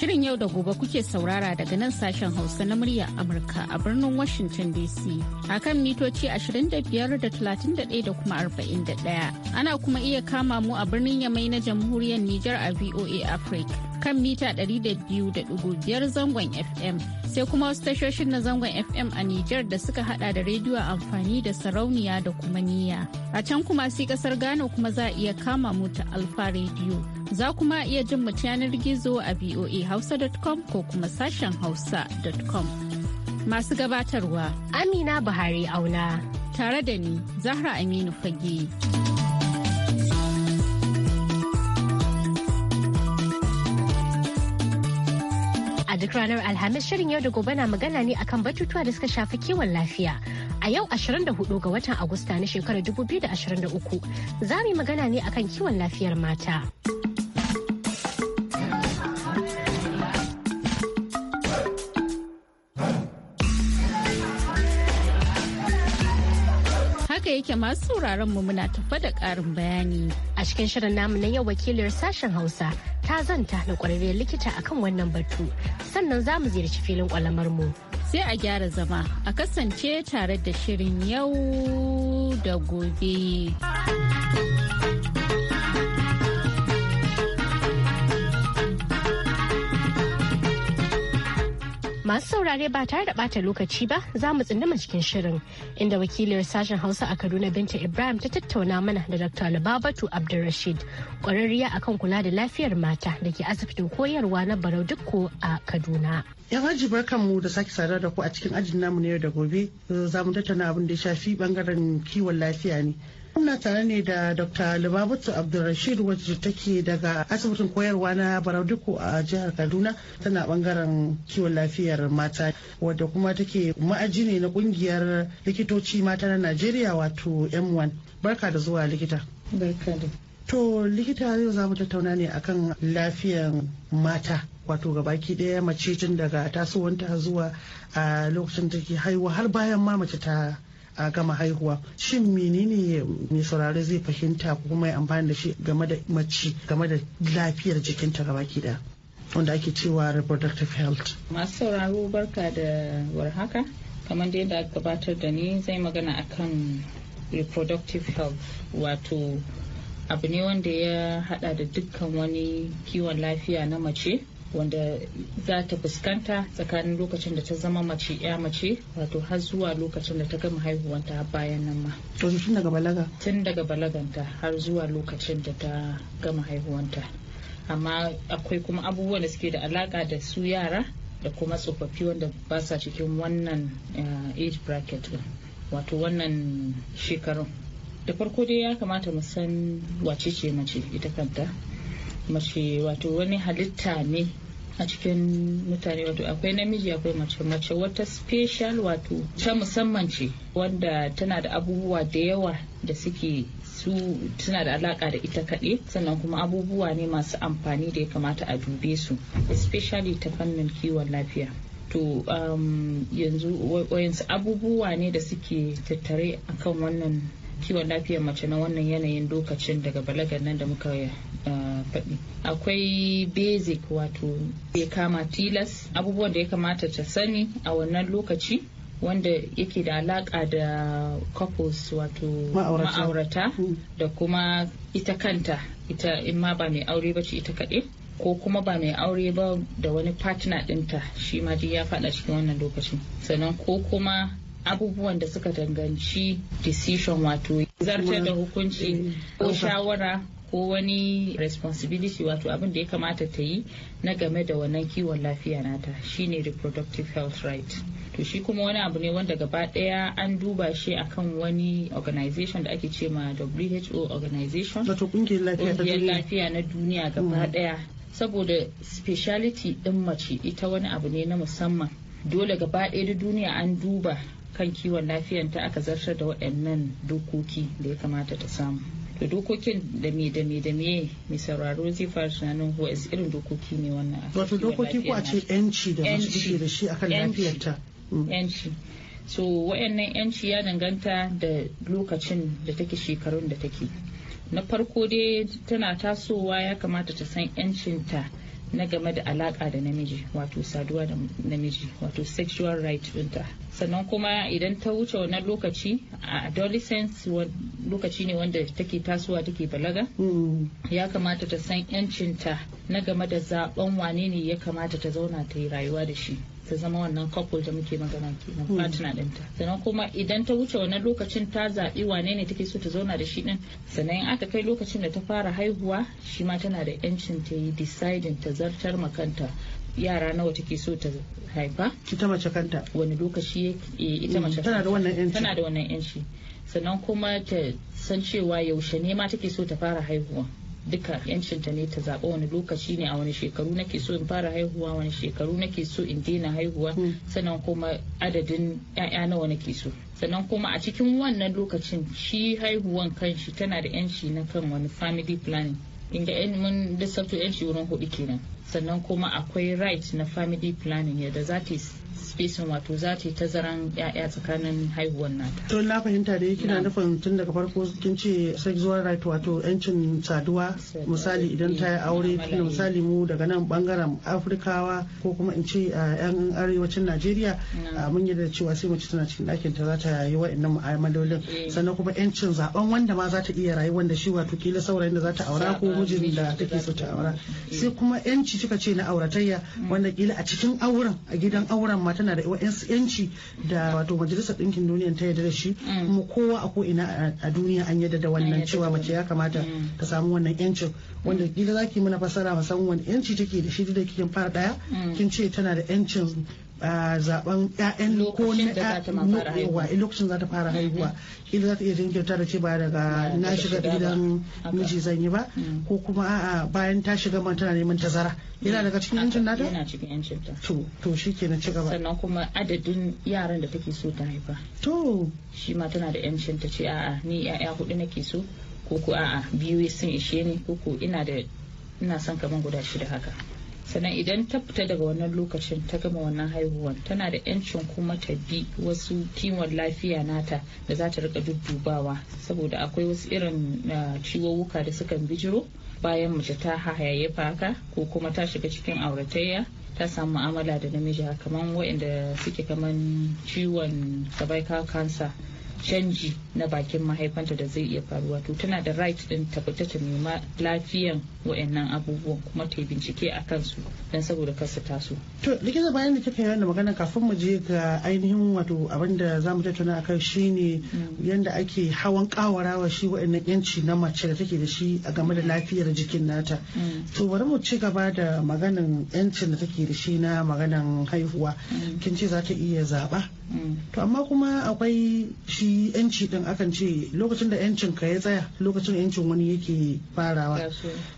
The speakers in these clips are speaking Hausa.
Shirin yau da gobe kuke saurara daga nan sashen Hausa na murya Amurka a birnin Washington DC a kan mitoci 25 da 31 da kuma 41. Ana kuma iya kama mu a birnin Yamai na jamhuriyar Nijar a VOA Africa. kan mita 200.5 zangon FM sai kuma wasu tashoshin na zangon FM a Nijar da suka hada da rediyo amfani da sarauniya da kuma niyya. A can kuma si kasar Ghana kuma za a iya kama mu ta Alfa Radio. Za kuma iya jin mu yanar gizo a voahausa.com ko kuma sashen hausa.com. Masu gabatarwa Amina Buhari auna. Tare da ni Zahra Aminu Fage. duk ranar Alhamis shirin yau da gobe na magana ne akan batutuwa da suka shafi kiwon lafiya. A yau 24 ga watan Agusta na shekarar 2023 za mu magana ne akan kiwon lafiyar mata. haka yake masu sauraron mu muna tafa da ƙarin bayani. A cikin shirin namu na yau wakiliyar sashen Hausa ta zanta da kwararriyar likita akan wannan batu sannan za mu ziyarci filin kwalamar mu. Sai a gyara zama a kasance tare da shirin yau da gobe. Masu saurare ba tare da bata lokaci ba za mu tsindima cikin shirin inda wakiliyar sashen Hausa a Kaduna Binta Ibrahim ta tattauna mana da Dr. Lubabatu Abdulrashid kwararriya akan kula da lafiyar mata da ke asibitin koyarwa na Barau Dukko a Kaduna. Yan aji barkanmu da sake sadar da ku a cikin ajin namu na yau da gobe za mu tattauna abin da ya shafi bangaren kiwon lafiya ne. Muna tare ne da Dr. Lubabatu Abdulrashid wacce take daga asibitin koyarwa na Barauduko a jihar Kaduna tana bangaren kiwon lafiyar mata wadda kuma take ma'aji ne na kungiyar likitoci mata na Najeriya wato M1. Barka da zuwa likita. Barka To likita yau za mu tattauna ne akan lafiyar mata wato gabaki ɗaya mace tun daga tasowanta zuwa a lokacin da take haihuwa har bayan ma mace ta a gama haihuwa shin menene mai saurare zai fahimta ko kuma ya amfani da shi game da mace game da lafiyar jikinta gaba kiɗa wanda ake cewa reproductive health masu sauraro barka da warhaka kamar da yadda gabatar da ni zai magana akan reproductive health wato abu ne wanda ya hada da dukkan wani kiwon lafiya na mace wanda za ta fuskanta tsakanin lokacin da ta zama mace ya mace wato har zuwa lokacin da ta gama haihuwanta bayan nan ma. tun daga balaga? Tun daga balaganta har zuwa lokacin da ta gama haihuwanta. Amma akwai kuma abubuwan da suke da alaka da su yara da kuma tsofaffi wanda ba sa cikin wannan eh, age bracket wato wannan shekarun. Da farko dai ya kamata mu san wace ce mace ita kanta. mace wato wani halitta ne a cikin mutane wato akwai namiji akwai mace mace wata special wato ta musamman ce wanda tana da abubuwa da yawa da suke su suna da alaka da ita kaɗai sannan kuma abubuwa ne masu amfani da ya kamata a dube su especially ta fannin kiwon lafiya to um, yanzu wayansu abubuwa ne da suke tattare akan wannan kiwon lafiyar mace na wannan yanayin lokacin daga balagar nan da muka faɗi uh, akwai basic wato ya kama tilas abubuwan da ya kamata ta sani a wannan lokaci wanda yake da alaƙa da couples wato ma'aurata hmm. da kuma ita kanta ita in ma ba mai aure ba ce ita kaɗai ko kuma ba mai aure ba da wani partner ɗinta shi ma ya faɗa cikin wannan lokacin sannan ko kuma abubuwan da suka danganci decision wato zartar da hukunci ko eh. shawara ko wani responsibility wato abin da ya kamata ta yi na game da wannan kiwon lafiya nata shine reproductive health right to shi kuma wani abu ne wanda gaba daya an duba shi akan wani organization da ake ce ma WHO organization wato kungiyar lafiya na duniya gaba daya mm. saboda speciality din mace ita wani abu ne na musamman dole gaba daya da duniya an duba kan kiwon lafiyanta aka zartar da waɗannan dokoki da ya kamata ta samu da dokokin da me da me da me mai sauraro zai fara tunanin wa irin dokoki ne wannan akan wato dokoki ko a ce yanci da mace take da shi akan lafiyarta yanci mm. so wayannan yanci ya danganta da lokacin da take shekarun da take na farko dai tana tasowa ya kamata ta san yancinta na game da alaƙa da namiji wato saduwa da namiji wato sexual right ɗinta sannan kuma idan ta wuce wannan lokaci a adolescence lokaci ne wanda take tasowa take balaga mm. ya kamata ta san 'yancinta na game da zaben wane ne ya kamata ta zauna ta yi rayuwa da shi ta zama wannan couple da muke magana kenan hmm. partner ɗinta sannan kuma idan ta wuce wannan lokacin ta zaɓi wane ne take so ta zauna da shi din sannan in aka kai lokacin da ta fara haihuwa shi ma tana da 'yancin ta yi deciding ta zartar ma kanta yara nawa take so ta haifa ita mace kanta wani lokaci eh, ita hmm, mace tana da wannan yanci tana da wannan yanci sannan kuma ta san cewa yaushe ne ma take so ta fara haihuwa duka yancinta ne ta zaɓa wani lokaci ne a wani shekaru nake so in fara haihuwa wani shekaru nake so in daina haihuwa hmm. sannan kuma adadin 'ya'ya nawa nake so sannan kuma a cikin wannan lokacin shi haihuwan kanshi tana da yanci na kan wani family planning inda yan mun lissafto yanci wurin hudu kenan sannan kuma akwai right na family planning yadda za ta spacing wato za ta yi tazaran ya'ya tsakanin haihuwar nata. To na fahimta da kina nufin tun daga farko kin ce sexual right wato yancin saduwa misali idan ta yi eh, aure tun misali mu daga nan bangaren Afrikawa ko kuma in ce eh, yan arewacin Najeriya ah, mun yi da cewa sai mace tana cikin ɗakin ta za ta yi wa'annan mu'amalolin eh. sannan kuma yancin zaben wanda ma za ta iya rayuwar da shi wato kila saurayin da za ta aura ko mijin da take so ta aura sai kuma yanci kika ce na auratayya mm. wanda kila a cikin auren a gidan auren ma tana yana da wa'ansu yanci da wato majalisar ɗinkin duniya ta yarda da shi mm. kuma kowa a ko ina a duniya an yarda da wannan cewa mace ya kamata mm. ta samu wannan yancin wanda mm. kila zaki mana fasara musamman wani yanci take da shi da kin fara ɗaya. kin ce tana da yancin zaben ƴaƴan ko na eh, lokacin za ta fara mm-hmm. haihuwa ila za ta iya jinkirta da ce ba daga na shiga gidan miji zan yi ba mm. ko kuma a bayan ta shiga man tana neman tazara yana mm. daga cikin yancin nata yana cikin yancin ta to to shikenan ci gaba sannan kuma adadin yaran da take so ta haifa to shi ma tana da yancin ta ce a'a ni ƴaƴa hudu nake so ko ko a'a biyu sun ishe ni ko ko ina da ina son kaman guda shida haka sannan idan ta fita daga wannan lokacin ta gama wannan haihuwan tana da yancin kuma ta bi wasu kiwon lafiya nata da za ta rika duddubawa saboda akwai wasu irin ciwowuka da sukan bijiro bayan mace ta hayayyafa faka ko kuma ta shiga cikin auratayya ta samu mu'amala da namiji kamar waɗanda suke kamar ciwon cervical cancer canji na bakin mahaifanta da zai iya faruwa to tana da right din tabbata ta nema lafiyan wayannan abubuwan kuma ta bincike a kansu dan saboda kar su taso to likita bayan da kika yi wannan magana kafin mu je ga ainihin wato abin da za mu tattauna akan shine mm. yanda ake hawan kawarawa shi wayannan yanci na mace da take da shi a game da lafiyar jikin nata mm. to bari mu ci gaba da maganan yancin da take da shi na maganan haihuwa mm. kin ce za ta iya zaba to amma kuma akwai shi yanci din akan ce lokacin da yancin ka ya tsaya lokacin yancin wani yake farawa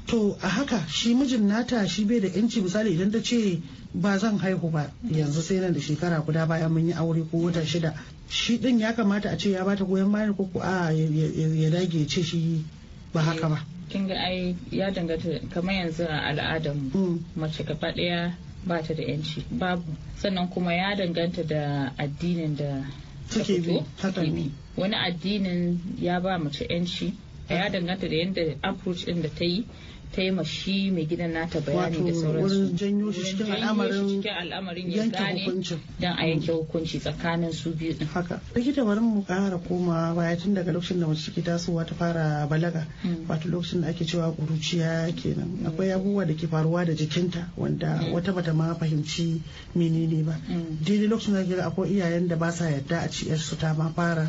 to a haka shi mijin nata shi bai da yanci misali idan ta ce ba zan haihu ba yanzu sai nan da shekara guda bayan mun yi aure ko wata shida shi din ya kamata a ce ya bata goyon bayan ko a ya dage ce shi ba haka ba eh, kin ga ai ya danganta kamar yanzu a mu. Mm. mace gaba daya ba ta da yanci babu sannan kuma ya danganta da addinin da take bi wani addinin ya ba mace yanci ya danganta da yadda approach din da ta yi ta yi mai gidan nata bayani da sauransu wurin janyo shi cikin al'amarin ya gane don a yanke hukunci tsakanin su biyu din haka rikita warin mu kara koma baya tun daga lokacin da mace take tasowa ta fara balaga hmm. wato lokacin da ake cewa kuruciya kenan hmm. akwai abubuwa da ke faruwa da jikinta wanda hmm. wata bata ma fahimci menene ba daidai lokacin da ga akwai iyayen da ba sa yarda a ci su ta ma fara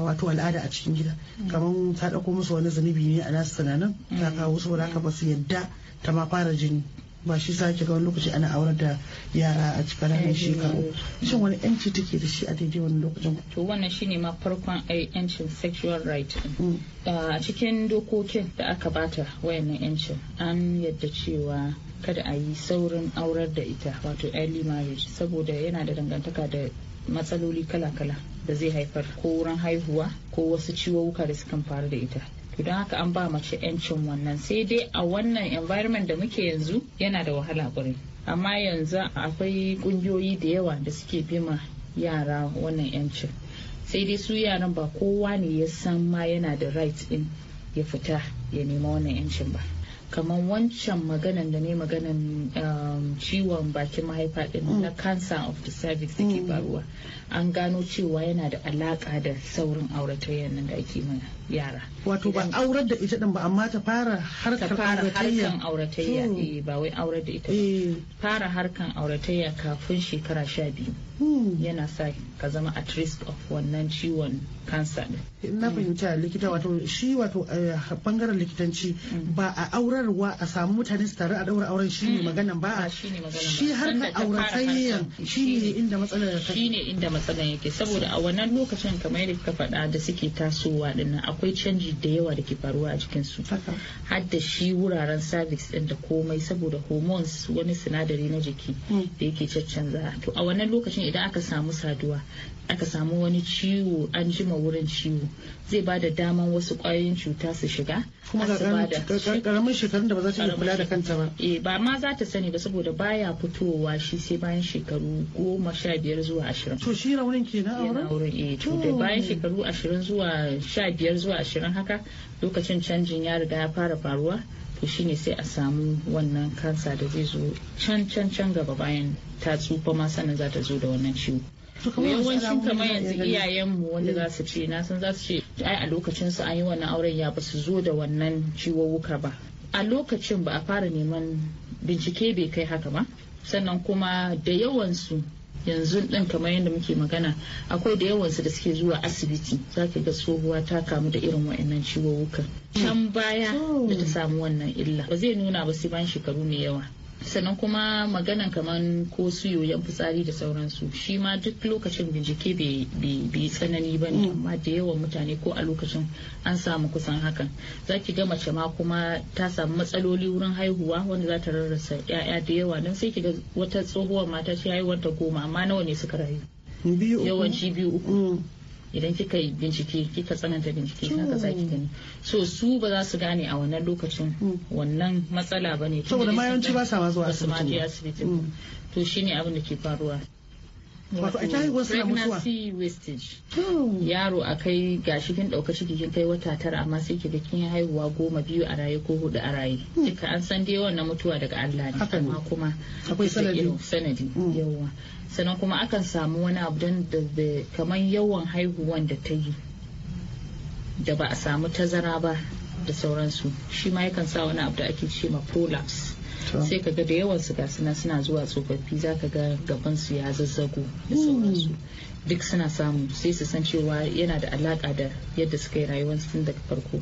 wato al'ada a cikin gida kamar ta dauko musu wani zunubi ne a nasu sana'nan. ta kawo saboda haka ba su yadda ta ma fara jini ba shi sa ga wani lokaci ana aurar da yara a cikin ranar eh, eh, shekaru eh. shin wani yanci take da shi a daidai wani lokacin to wannan shine ma farkon yancin sexual right hmm. a cikin dokokin da aka bata wayannan yancin an yadda cewa kada a yi saurin aurar da ita wato early marriage saboda yana da dangantaka da matsaloli kala-kala da zai haifar ko wurin haihuwa ko wasu ciwo da sukan faru da ita to don haka an ba mace 'yancin wannan sai dai a wannan environment da muke yanzu yana da wahala ƙwarai amma yanzu akwai ƙungiyoyi da yawa da suke bima yara wannan 'yancin sai dai su yaran ba kowa ne ya san ma yana da right in ya fita ya nema wannan 'yancin ba kamar wancan maganan da ne maganan um, ciwon bakin mahaifa din mm. na cancer of the cervix da ke mm. faruwa an gano cewa yana da alaka da saurin auratayyar nan da ake mana yara wato ba aurar da ita din ba amma ta fara harkar auratayya hmm. eh ba wai aurar da ita ba. Eh. fara harkan auratayya kafin shekara sha biyu hmm. yana sa ka zama at risk of wannan ciwon cancer din na fahimci a likita wato shi wato eh, bangaren likitanci mm. ba a aurarwa a samu mutane su tare a daura auren shi ne mm. maganan ba a shi har na auratayyan shi ne inda matsalar ta shi ne inda matsalar yake saboda a wannan lokacin kamar yadda kika faɗa da suke tasowa dinnan akwai canji da yawa da ke faruwa a cikin su har da shi wuraren service din da komai saboda hormones wani sinadari na jiki mm. da yake caccanza to a wannan lokacin idan aka samu saduwa aka samu wani ciwo an jima wurin ciwo zai ba da daman wasu kwayoyin cuta su shiga kuma ƙaramin shekarun da ba za ta iya kula da kanta ba eh ba ma za ta sani ba saboda baya fitowa shi sai bayan shekaru goma sha biyar zuwa ashirin to shi raunin ke na auren auren eh to da bayan shekaru ashirin zuwa sha biyar zuwa ashirin haka lokacin canjin ya riga ya fara faruwa to shine sai a samu wannan kansa da zai zo can can can gaba bayan ta tsufa ma sannan za ta zo da wannan ciwo yawancin kamar yanzu iyayenmu wanda za su ce na san za su ce ai a lokacin an yi wannan auren ya ba su zo da wannan ciwowuka ba a lokacin ba a fara neman bincike bai kai haka ba sannan kuma da yawansu yanzu din kamar yadda muke magana akwai da yawansu da suke zuwa asibiti za ka ga tsohuwa ta kamu da irin wa'annan ciwowuka can baya hmm. da ta samu wannan illa ba zai nuna ba sai bayan shekaru mai yawa sannan kuma maganan kaman ko su fitsari da sauransu shi ma duk lokacin bincike bai tsanani ba ne mm. amma da yawan mutane ko a lokacin an samu kusan hakan za ki ga mace ma kuma ta samu matsaloli wurin haihuwa wanda za ta rarrasa 'ya'ya da yawa don sai ki ga wata tsohuwar mata ce haihuwar ta goma amma nawa ne suka rayu yawanci biyu uku mm. idan kika yi bincike kika tsananta bincike haka za zaki gani so su ba za su gane a wannan lokacin wannan matsala ba ne saboda ma yawanci ba sa ma zuwa asibiti mm. to shine abin da ke faruwa wato a haihuwar na mutuwa wastage yaro a kai gashi kin dauka ciki kin kai wata tara amma sai ke da kin haihuwa goma biyu a raye ko hudu a raye mm. duka an san dai wannan mutuwa daga Allah ne amma kuma akwai sanadi sanadi mm. yawa sannan kuma akan samu wani abu don da kamar yawan haihuwan da ta yi da ba a samu tazara ba da sauransu shi ma yakan sa wani abu da ake ce ma prolapse sai ka ga da yawan su gasina suna zuwa tsofaffi za ka ga gaban su ya zazzago da sauransu duk suna samu sai su san cewa yana da alaka da yadda suka yi rayuwar tun daga farko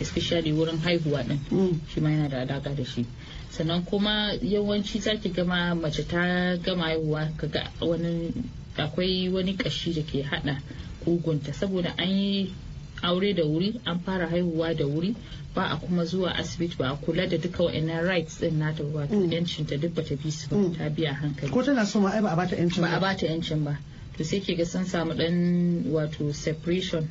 especially wurin haihuwa din mm. shi ma yana da alaka da shi sannan kuma yawanci zaki gama mace ta gama haihuwa kaga wani akwai wani kashi da ke hada kugunta saboda an yi aure da wuri an fara haihuwa da wuri ba a kuma zuwa asibiti ba a kula da duka wa'annan rights din nata wato yancin mm. ta duk bata bi su ba mm. ta biya hankali ko tana so ma ai ba a bata yancin ba ba a bata yancin ba to sai ke ga sun samu dan wato separation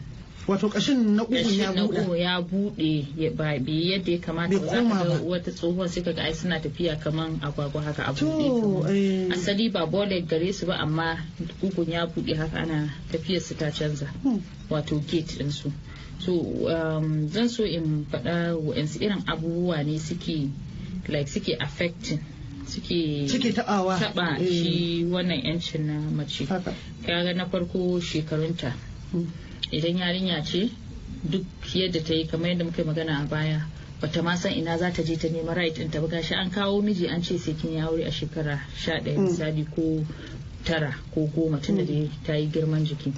wato kashin na ugun ya buɗe ya buɗe ba bi yadda ya kamata ba za wata tsohuwar suka ga ai suna tafiya kaman agwagwa haka a buɗe eh. asali ba bolet gare su ba amma ugun ya buɗe haka ana tafiyar su ta canza hmm. wato gate din su so um, zan so in faɗa wa'ansu irin abubuwa ne suke like suke affecting suke suke tabawa taba eh. shi wannan yancin na mace kaga na farko shekarunta hmm. idan yarinya ce duk yadda ta yi kamar yadda muka magana a baya bata ma san ina za ta je ta nema right ɗinta ba gashi an kawo miji an ce sai kin yi a shekara sha ɗaya mm. misali ko tara ko goma tunda mm. da ta yi girman jiki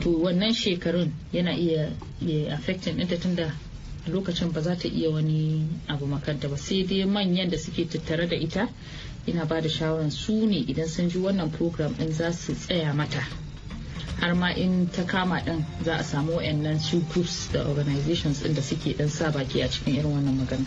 to wannan shekarun yana iya affecting ɗinta tunda lokacin ba za ta iya wani abu makanta ba sai dai manyan da suke tattare da ita ina ba da shawaran su ne idan sun ji wannan program ɗin za su tsaya mata har ma in ta kama din za a samu wayannan su groups da organizations din da suke dan sa baki a cikin irin wannan magana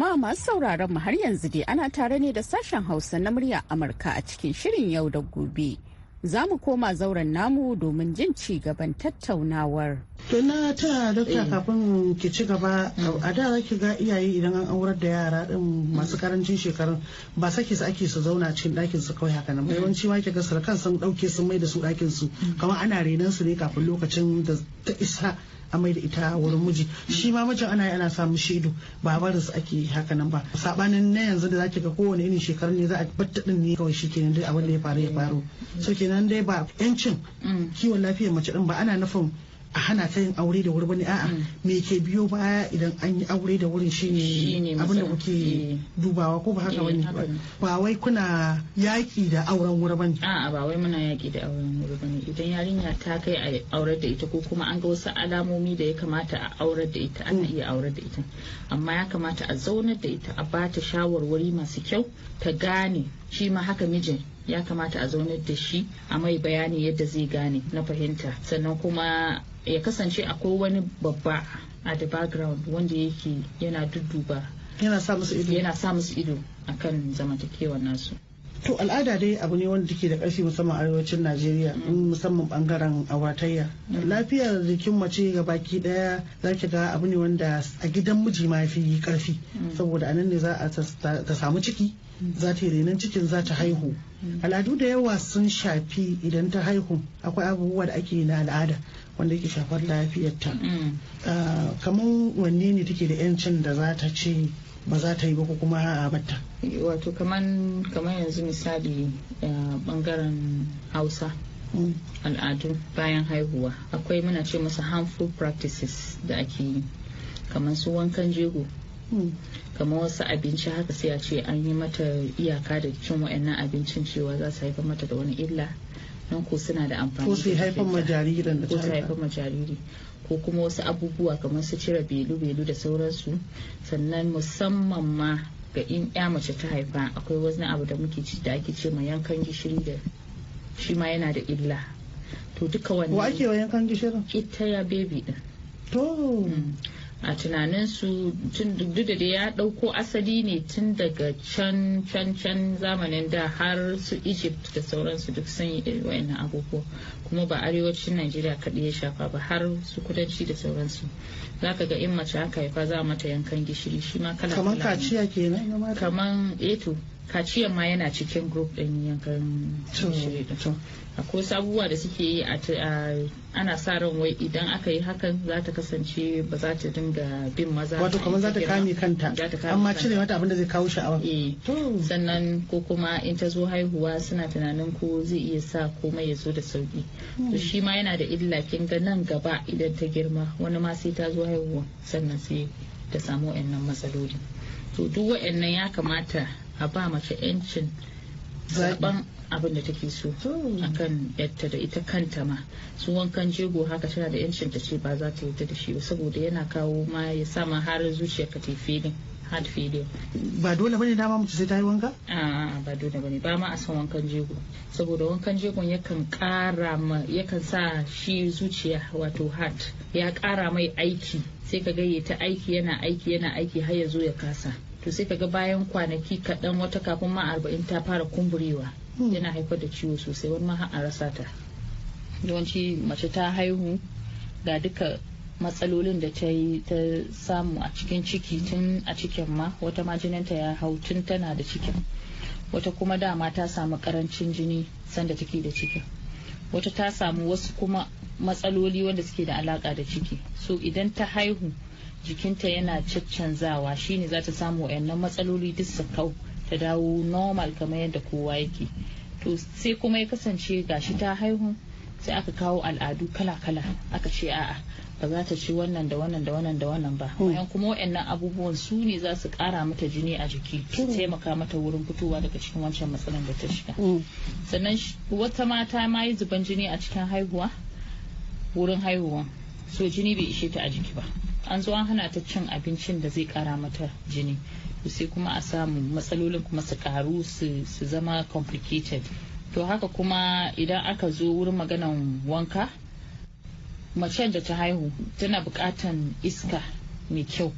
jama'a masu sauraron mu har yanzu dai ana tare ne da sashen hausa na murya amurka a cikin shirin yau da gobe za mu koma zauren namu domin jin ci gaban tattaunawar. To na ta dokta eh. kafin ki ci gaba a da za ki ga iyaye idan an aurar da yara din masu karancin shekarun ba saki su ake su zauna cikin ɗakin su kawai haka nan ba eh. yawanci ma ki ga sarkan sun ɗauke sun mai da su ɗakin su kamar ana renon su ne kafin lokacin da ta isa a mai da ita wurin miji shi ma mijin ana yi ana samun shaidu ba barin su ake haka nan ba sabanin na yanzu da zaki ga kowane irin shekaru ne za a batta din ne kawai shi kenan dai abin da ya faru ya faru so kenan dai ba yancin mm. kiwon lafiyar mace din ba ana nufin a hana ta yin aure da wuri bane a'a mm. me ke biyo baya idan an yi aure da wurin shine abin da kuke eh. dubawa ko ba haka eh, bane ba wai kuna yaki da auren wuri bane a'a ba wai muna yaki da auren wuri bane idan yarinya ta kai a aurar da ita ko kuma an ga wasu alamomi da ya kamata a aurar da ita ana iya aurar da ita amma ya kamata a zaunar da ita a bata shawarwari masu kyau ta gane shi ma haka mijin ya kamata a zaunar da shi a mai bayani yadda zai gane na fahimta sannan kuma ya kasance akwai wani babba a the background wanda yake yana dudduba yana sa musu ido a kan nasu to al'ada dai abu ne wanda ke da ƙarfi musamman arewacin najeriya mm. musamman bangaren awatayya mm. lafiyar jikin mace ga baki daya za ki ga abu ne wanda a gidan miji ma fi ƙarfi mm. saboda anan ne za a ta samu ciki za ta yi renon cikin za ta haihu al'adu da yawa sun shafi idan ta haihu akwai abubuwa da ake yi na al'ada wanda yake shafar lafiyarta mm. ah, kamar wanne ne take da 'yancin da za ta ce ba za ta yi ba ko kuma a mata wato kamar yanzu misali bangaren ah, hausa mm. al'adu bayan haihuwa akwai muna ce masa harmful practices da ake yi kamar su wankan jego mm. kamar wasu abinci haka sai a ce an yi mata iyaka da cin wa'annan abincin cewa za su haifar mata da wani illa nan ko suna da amfani ko su haifar ma jaririn da ko su haifar ma jariri ko kuma wasu abubuwa kamar su cire belu-belu da sauransu sannan musamman ma ga in ya mace ta haifa akwai wani abu da muke ci da ake ce ma yankan gishiri da shi ma yana da illa to duka wannan wa ake wa yankan gishirin ita ya baby din to mm. a tunaninsu duk da ya ɗauko asali ne tun daga can can can zamanin da har su egypt da sauransu duk sun yi wa'annan abubuwa kuma ba arewacin najeriya kaɗai ya shafa ba har su kudanci da sauransu za ka ga in mace aka haifa za mata yankan gishiri shi ma kala kamar kaciya kenan kamar eto eh kaciyan ma yana cikin group din yankan akwai sabuwa da suke yi ana sa ran wai idan aka yi hakan za ta kasance ba za ta dinga bin maza wato kamar za ta kame kanta amma cire mata abin zai kawo sha'awa eh. sannan ko kuma in ta zo haihuwa suna tunanin ko zai iya sa komai ya zo da sauki to hmm. shi ma yana da illa kin ga nan gaba idan ta girma wani ma sai ta zo haihuwa sannan sai ta samu wa'annan matsaloli to duk wa'annan ya kamata a ba mace 'yancin zaben abin da take so hmm. akan yadda da ita kanta ma su wankan jego haka tana da yancin ta ce ba za ta yi da shi ba saboda yana kawo ma ya sa ma har zuciya ka ta filin hard filin ba dole bane dama mace sai ta yi wanka a ba dole bane ba ma a san wankan jego saboda wankan jego yakan kara ma yakan sa shi zuciya wato heart ya kara mai aiki sai ka gayyata aiki yana aiki yana aiki har ya zo ya kasa to sai kaga bayan kwanaki kaɗan wata kafin ma arba'in ta fara kumburewa hmm. yana haifar da ciwo sosai wani ma an rasa ta yawanci mace ta haihu ga duka matsalolin da ta yi ta samu a cikin ciki tun a cikin ma wata ma jininta ya hau tun tana da cikin wata kuma dama ta samu karancin jini sanda take da cikin wata ta samu wasu kuma matsaloli wanda suke da alaka da ciki so idan ta haihu jikinta yana caccanzawa shine za ta samu wayannan matsaloli duk su kau ta dawo normal kamar yadda kowa yake to sai kuma ya kasance gashi ta haihu sai aka kawo al'adu kala-kala aka ce a'a ba za ta ci wannan da wannan da wannan da wannan ba hmm. bayan kuma waɗannan abubuwan su ne za su ƙara mata jini a jiki su hmm. taimaka mata wurin fitowa daga cikin wancan matsalar da ta shiga hmm. sannan wata mata ma yi zuban jini a cikin haihuwa wurin haihuwa so jini bai ishe ta a jiki ba an zo an hana ta cin abincin da zai ƙara mata jini sai kuma a samu matsalolin kuma su ƙaru su zama complicated to haka kuma idan aka zo wurin maganan wanka macen da ta haihu tana bukatan iska mai kyau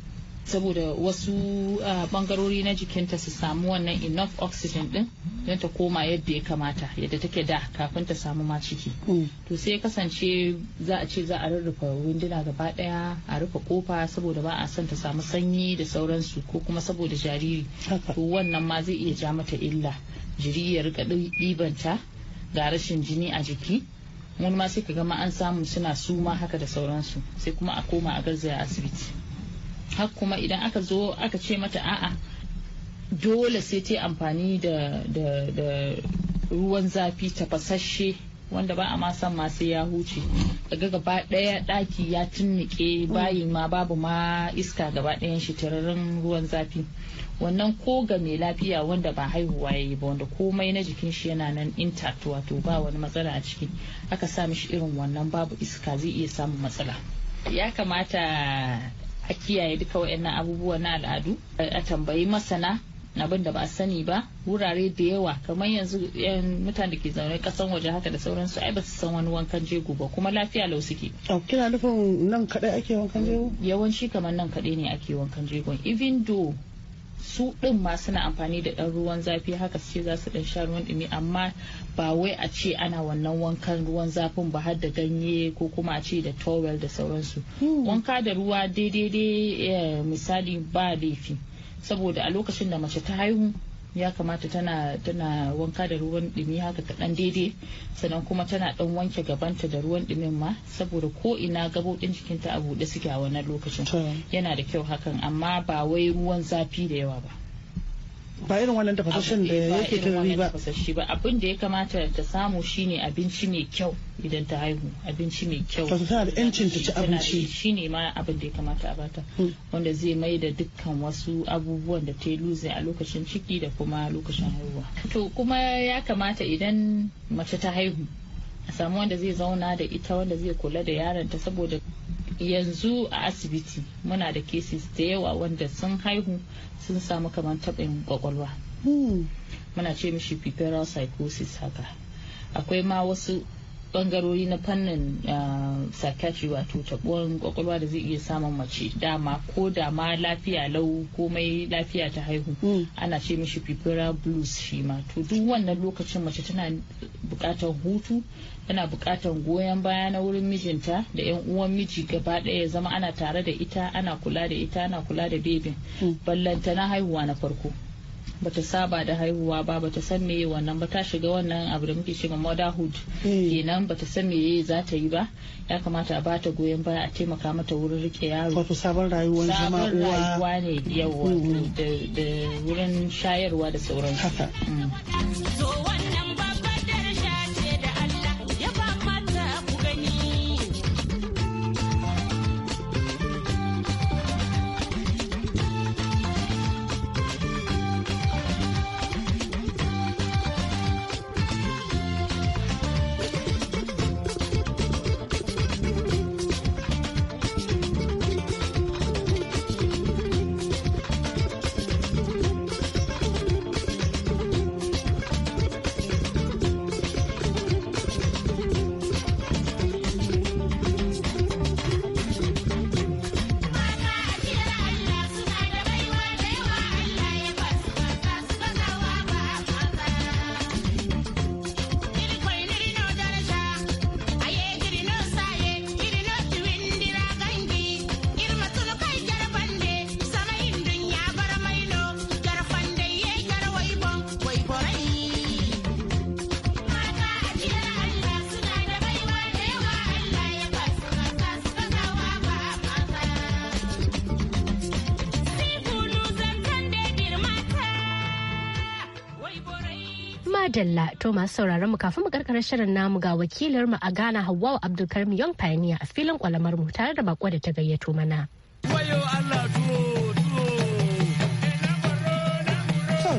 saboda wasu bangarori ah, na jikinta su samu wannan enough oxygen din don ta koma yadda ya kamata yadda take da kafin ta samu ma ciki mm. to sai kasance za a ce za a rarrufa winduna gaba daya a rufe kofa saboda ba a son ta samu sanyi da sauransu ko kuma saboda jariri to wannan ma zai iya ja mata illa jiri ya rika ɗibanta ga rashin jini a jiki wani ma sai ka gama an samu suna suma haka da sauransu sai kuma a koma a garzaya asibiti har kuma idan aka zo aka ce mata a'a dole sai ta amfani da ruwan zafi tafasasshe wanda ba a ma san ma sai ya huce daga gaba daya daki ya tunnike bayin ma babu ma iska gaba ɗayan shi tararin ruwan zafi wannan ko ga mai lafiya wanda ba haihuwa ya yi ba wanda komai na jikin shi yana nan intact wato ba wani matsala a ciki aka sa mishi irin wannan babu iska zai iya samun matsala ya kamata a kiyaye duka waɗannan abubuwa na al'adu a tambayi masana abin da ba a sani ba wurare da yawa kamar yanzu yan mutane da ke zaune kasan waje haka da sauransu ai ba su san wani wankan jego ba kuma lafiya lau suke. Oh, kina nufin nan kadai ake wankan jego? yawanci kamar nan kaɗai ne ake wankan jego even though su ɗin ma suna amfani da ɗan ruwan zafi haka suke za su ɗan sha ruwan ɗumi amma ba wai a ce ana wannan wankan ruwan zafin ba har da ganye ko kuma a ce da towel da sauransu hmm. wanka da ruwa daidai eh, misali ba laifi saboda a lokacin da mace ta haihu ya kamata tana tana wanka da ruwan dumi haka kaɗan daidai sannan kuma tana ɗan wanke gabanta da ruwan dumin ma saboda ko ina gabobin jikinta a buɗe suke a wannan lokacin yana da kyau hakan amma ba wai ruwan zafi da yawa ba ba irin wannan tafasashen da yake ta ba ba abin da ya kamata ta samu shine abinci mai kyau idan ta haihu abinci mai kyau ta tana da yancin ta ci abinci shine ma abin da ya kamata a bata hmm. wanda zai mai da dukkan wasu abubuwan da ta yi luze a lokacin ciki da kuma lokacin haihuwa to kuma ya kamata idan mace ta haihu a samu wanda zai zauna da ita wanda zai kula da yaron ta saboda yanzu a asibiti muna da cases da yawa wanda sun haihu sun samu kamar taɓin kwakwalwa hmm. muna ce mishi piperal psychosis haka akwai ma wasu bangarori na fannin psychiatry wato tabuwan kwakwalwa da zai iya samun mace dama ko da ma lafiya lau komai lafiya ta haihu hmm. ana ce mishi pipera blues shi ma to duk wannan lokacin mace tana bukatar hutu tana bukatar goyon baya na wurin mijinta da yan uwan miji gaba ɗaya zama ana tare da ita ana kula da ita ana kula da bebin hmm. ballanta na haihuwa na farko bata saba da haihuwa ba bata san meye wannan ba ta shiga wannan abu da muke cewa motherhood eh. kenan bata san meye za ta yi ba ya kamata a bata goyon baya a taimaka mata wurin rike yaro wato sabon rayuwar zama rayuwa ne yawa mm-hmm. da wurin shayarwa da sauransu haka mm. Adalla Thomas sauraron mu kafin mu karkarar shirin namu ga wakilar mu a Ghana Hawwa Abdulkarim Young Pioneer a filin kwalamar mu tare da bako da ta gayyato mana. Wayo Allah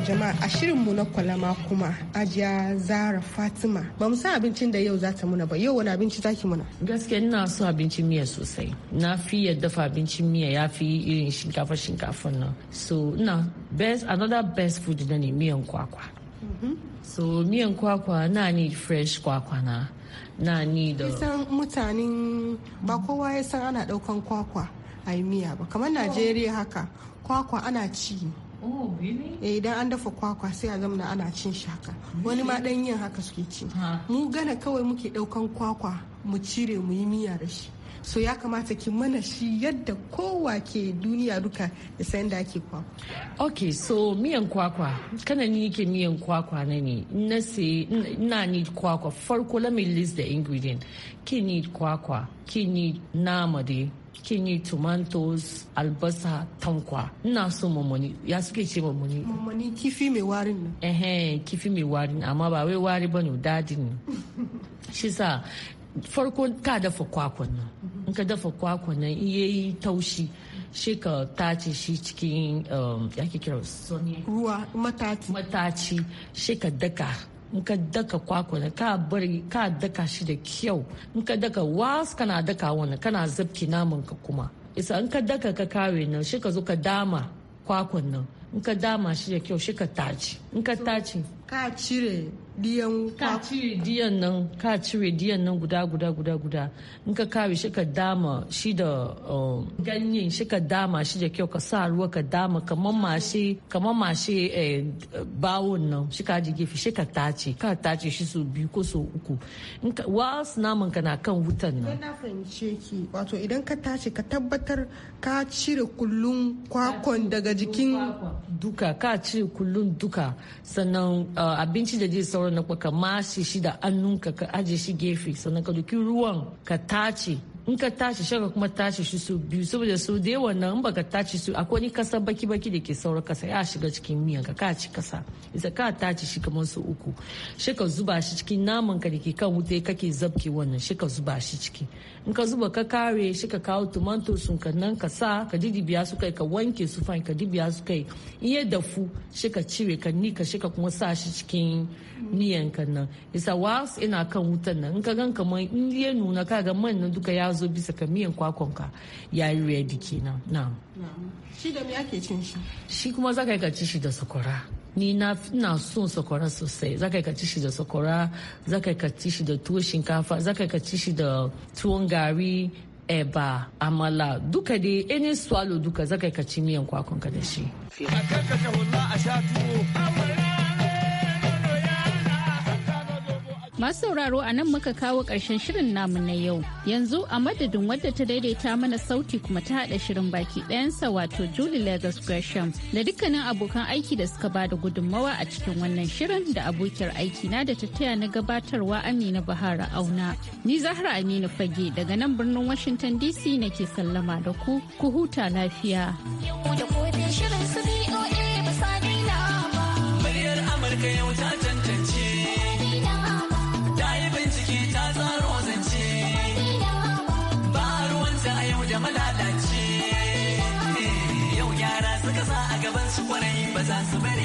jama'a a na kwalama kuma ajiya zara fatima ba mu san abincin da yau za ta muna ba yau wani abinci za ki muna gaskiya ina so abincin miya sosai na fi yadda dafa abincin miya ya fi irin shinkafa shinkafa na so na best another best food na ne miyan kwakwa so miyan kwakwa na ni fresh kwakwa na na da. san mutanen ba kowa ya san ana daukan kwakwa a miya ba kamar oh. najeriya haka kwakwa ana ci oh, eh, idan an dafa kwakwa sai a zamana ana cin shi haka wani ma dan yin haka suke ci mu gana kawai muke ɗaukan kwakwa mu cire mu yi miya da shi so ya kamata ki mana shi yadda kowa ke duniya duka da sayan da ake kwa ok so miyan kwakwa kana ni ke miyan kwakwa na ne na se na need kwakwa farko let me list the ingredient ki need kwakwa ki need nama dai ki yi tomatoes albasa tankwa ina so mamoni ya suke ce mamoni mamoni kifi mai warin nan eh kifi mai warin amma ba wai wari bane dadi ne shi sa farko ka dafa kwakwan nan in ka dafa kwakwan nan iya yi taushi shi ka tace shi cikin um, ya ke kira ruwa mataci mataci shi ka daka in ka daka kwakwan ka bari ka daka shi da kyau in ka daka was kana daka wannan kana zabki naman ka kuma isa in ka daka ka kawai nan shi ka zo ka dama kwakwan nan in ka dama shi da kyau shi ka taci in ka taci ka cire diyan ka cire diyan nan ka cire diyan nan guda guda guda guda in ka kare shi ka dama shi da um, ganyen shi ka dama shi da kyau ka sa ruwa ka dama kamar mashi kamar mashe eh, bawon nan shi ka ji gefe shi ka taci ka taci shi su biyu ko su uku in ka naman ka na kan wutan nan na fahimce ki wato idan ka tace ka tabbatar ka cire kullun kwakwan daga jikin duka ka ci kullum duka sannan uh, abinci da zai sauran na ka mashi shi da annunka ka aje shi gefe sannan ka duki ruwan ka tace in ka tashi shaka kuma tashi shi su biyu saboda su da yawan nan baka tashi su akwai ni kasa baki baki da ke saura kasa ya shiga cikin miyan ka ka ci kasa isa ka tashi shi kamar su uku shi ka zuba shi cikin naman ka da ke kan wuta kake zabke wannan shi zuba shi ciki in ka zuba ka kare shi ka kawo tumanto sun ka nan ka sa ka dibiya su kai ka wanke su fine ka dibiya su kai in ya dafu shi ka cire ka nika shi ka kuma sa shi cikin miyan ka nan isa wasu ina kan wutan nan in ka gan kamar in ya nuna ka ga man nan duka ya zo bisa ka miyan ka ya yi ready kenan na shi da me ake cin shi shi kuma za ka ci shi da sakwara ni na ina son sakwara sosai za ka ci shi da sakwara za ka ci shi da tuwo shinkafa za ka ci shi da tuwon gari eba amala duka dai any swallow duka za ka ci miyan ka da shi a karkata wallah a sha tuwo Masu sauraro a nan muka kawo ƙarshen shirin namu na yau. Yanzu a madadin wadda ta daidaita mana sauti kuma ta haɗa shirin baki ɗayansa wato juli legas Gresham da dukkanin abokan aiki da suka bada gudunmawa a cikin wannan shirin da abokiyar aiki na da ta taya na gabatarwa Amina Bahara Auna. Ni Zahra Aminu Fage daga nan birnin Washington DC nake sallama da ku, ku huta lafiya. Muryar Amurka yau I'm so ready.